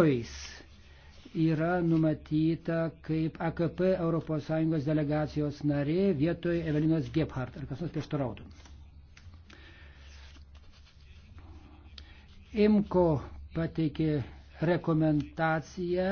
Royce yra numatyta kaip AKP ES delegacijos narė vietoj Evelinos Gebhardt. Ar kas nors prieštarautų? Imko pateikė rekomendaciją